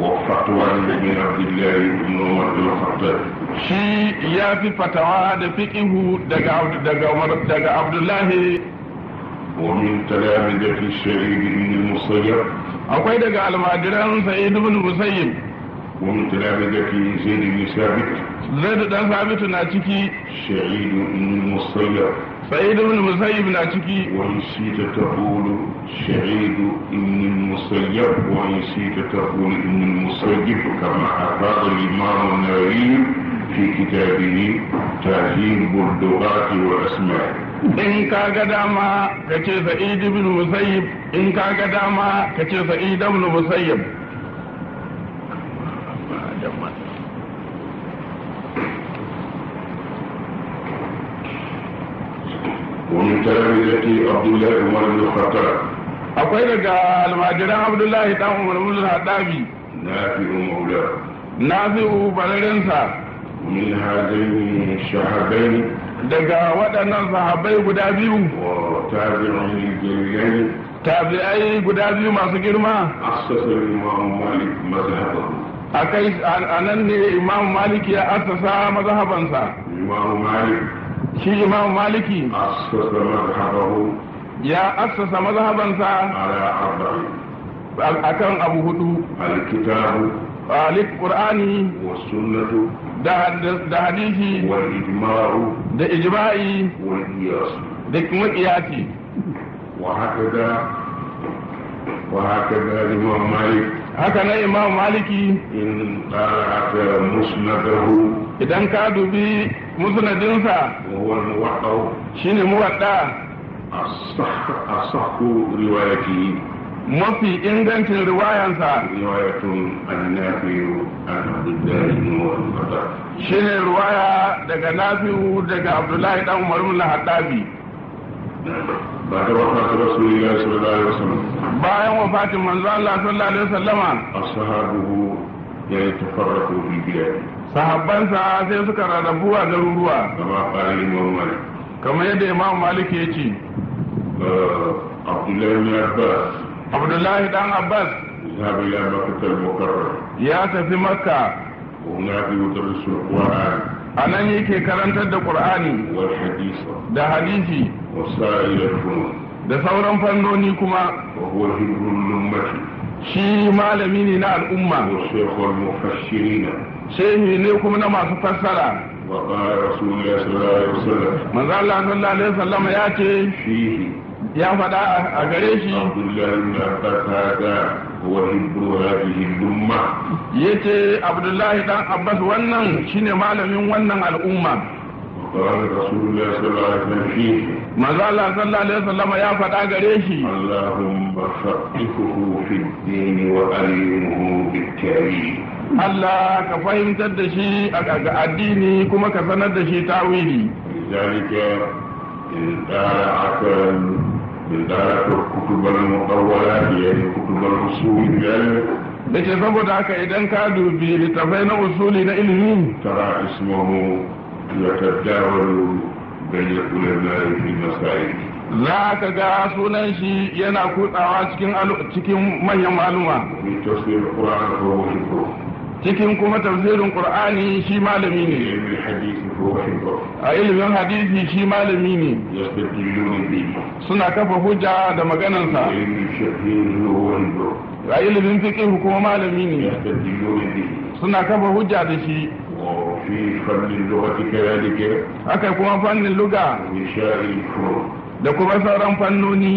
وفتوى الذين عبد الله بن عمر بن الخطاب شي يا في فتوى ده فقه عبد دغ عمر دغ عبد الله ومن تلامذة الشريك بن المصير akwai daga almajiran سيد بن musayyib ومن تلامذة زيد بن ثابت زيد بن ثابت na ciki shahid المصير سعيد بن المسيب ناتكي ونسيت تقول سعيد إن المسيب ونسيت تقول إن المسيب كما أفاد الإمام النووي في كتابه تهذيب اللغات والأسماء إن ka ga dama سعيد بن sa'id إن musayyib in ka سعيد بن ka ومن تلامذته عبد الله عمر بن akwai daga almajiran abdullahi dan umar bin hadabi nafi'u maula nafi'u balarinsa min hadain shahabain daga waɗannan sahabbai guda biyu tabi'un jami'ai tabi'ai guda biyu masu girma asasa imam malik mazhabahu akai anan ne imam maliki ya asasa mazhabansa imam malik shi imam maliki ya assasa mazhabansa akan abu hudu alkitabu alik qur'ani wa sunnatu da hadisi wa ijma'u da ijma'i wa qiyas da kuma qiyasi wa da wa hakada imam malik haka na imam maliki in qala musnadahu idan ka dubi musnadinsa shi ne muwaɗa a sako riwayati mafi ingancin riwayansa riwayatun annafiyu an shi ne riwaya daga nafiyu daga abdullahi dan umar ibn hattabi ba ta wata ta rasulullahi sallallahu alaihi wasallam bayan wa wafatin manzo Allah sallallahu alaihi wasallama ashabu ya tafarraqu bi biyadihi sahabban sa sai suka rarrabu a garuruwa kamar yadda imam malik ya ce uh, abdullahi dan abbas ya tafi makka a nan yake karantar da ƙur'ani da hadisi da sauran fannoni kuma shi malami ne na al'umma shehi ne kuma na masu fassara manzo Allah sallallahu alaihi wasallam ya ce ya faɗa a gare shi ya ce abdullahi dan abbas wannan shine malamin wannan al'umma Maza Allah sallallahu alaihi wasallam ya faɗa gare shi Allahumma faqihuhu fi dini wa alimhu bit tarikh Allah ka fahimtar da shi a addini kuma ka sanar da shi tawili ذلك من دار من دار الكتب المطولة kutubar الكتب الأصول da ke saboda haka idan ka dubi littafai na usuli na ilimi tara ismahu ya taddawaru bayyana ulamai fi masail za ka ga sunan shi yana kutsawa cikin manyan maluma cikin kuma tafsirin qur'ani shi malami ne a ilimin hadisi shi malami ne suna kafa hujja da maganansa a ilimin fiqh kuma malami ne suna kafa hujja da shi في kuma fannin كذلك da kuma sauran fannoni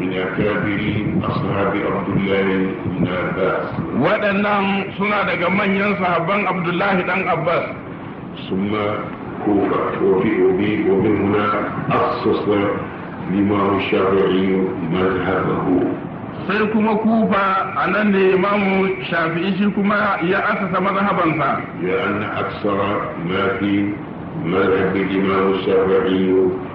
من أكابر أصحاب عبد الله بن عباس ودنا سنة من ينسى بن عبد الله بن عباس ثم كوفة وفي أبي ومن هنا أخصص لما الشافعي مذهبه sai kuma kufa a nan ne imamu shafi'i shi kuma ya asasa mazhabansa ya anna aksara ma fi mazhabi imamu shafi'i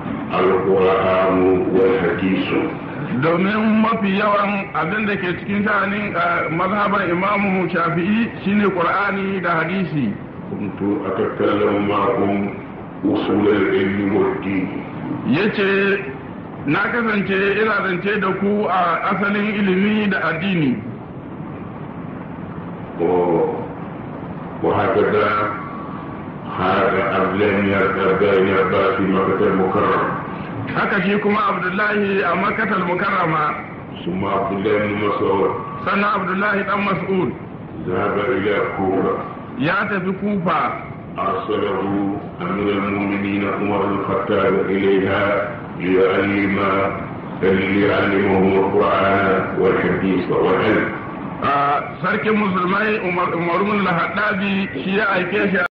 domin mafi yawan abin da ke cikin a mazhaban imamu shafi'i shine qur'ani da hadisi kuntu atakallamu ma'akum usul al-ilm wad-din yace na kasance ina zance da ku a asalin ilimi da addini Ko وهكذا هذا أبلان يرتبان يرتبان في مكة المكرم haka shi kuma abdullahi a makatal mukarrama su ma abdullahi ibn mas'ud sannan abdullahi dan mas'ud zaba ila kufa ya tafi kufa arsalahu amirul mu'minin umar al-khattab ilayha liya'allima ليعلمه القرآن والحديث والعلم. آه سرك مسلمي عمر بن الخطاب شيعة كيشة